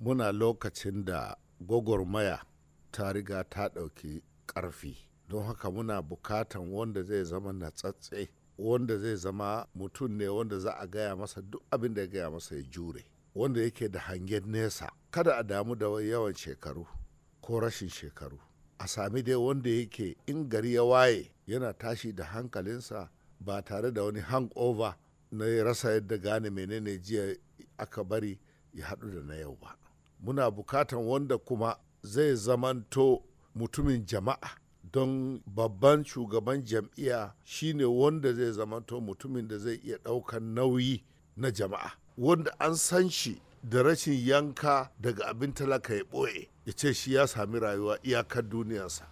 muna lokacin da gwagwarmaya ta riga ta ɗauki ƙarfi don haka muna bukatan wanda zai zama natsatse wanda zai zama mutum ne wanda za a gaya masa duk abin da ya gaya masa ya jure wanda yake da hangen nesa kada a damu da yawan shekaru ko rashin shekaru a sami dai wanda yake in gari ya waye yana tashi da hankalinsa ba tare da wani hangover na rasa yadda gane menene jiya aka bari ya haɗu da na yau ba muna bukatan wanda kuma zai zamanto mutumin jama'a don babban shugaban jam'iyya shine wanda zai zamanto mutumin da zai iya ɗaukan nauyi na jama'a wanda an san shi da rashin yanka daga abin talaka ya ɓoye ya ce shi ya sami rayuwa iyakar duniyarsa